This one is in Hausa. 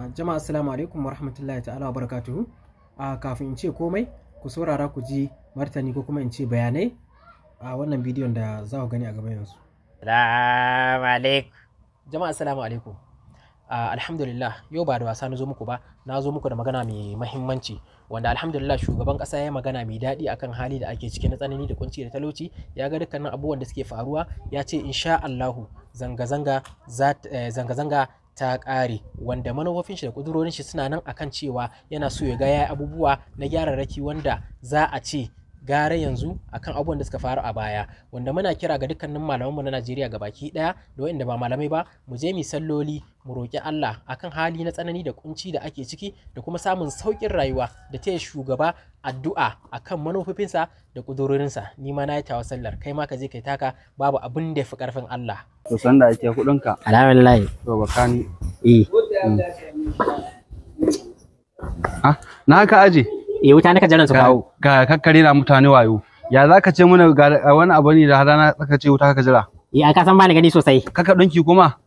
Ah, jama'a assalamu alaikum warahmatullahi ta'ala wa barakatuhu ah, kafin in ce komai ku saurara ku ji martani ko kuma in ce bayanai a wannan bidiyon da za ku gani a gaba yanzu assalamu alaikum jama'a assalamu alaikum ah, alhamdulillah yau ba da wasa na zo muku ba na zo muku da magana mai mahimmanci wanda alhamdulillah shugaban kasa ya magana mai daɗi akan hali da ake ciki na tsanani da kunci da talauci ya ga dukkanin abubuwan da suke faruwa ya ce insha Allahu zanga-zanga eh, ta ƙare wanda manufofin shi da ƙudurorin shi suna nan akan cewa yana so ya ga ya abubuwa na gyararraki wanda za a ce gara yanzu akan abubuwan da suka faru a baya wanda muna kira ga dukkanin mu na Najeriya ga baki daya da waɗanda ba malamai ba mu je mu salloli mu roƙi Allah akan hali na tsanani da kunci da ake ciki da kuma samun sauƙin rayuwa da taya shugaba addu'a akan manufofinsa da kudurorinsa ni ma na yi tawa sallar kai ma ka je kai taka babu abin da ya fi ƙarfin Allah. To sanda ake kuɗin ka. Alhamdulillah. To bakani. Eh. Mm. Ah, na ka aje. Eh wuta naka jaran su kawo. Ga kakkare na mutane wayo. Ya za ka ce mana ga wani abu ne da har na tsaka ce wuta ka jira? Eh an ka san ba ni gani sosai. Kaka ɗinki kuma?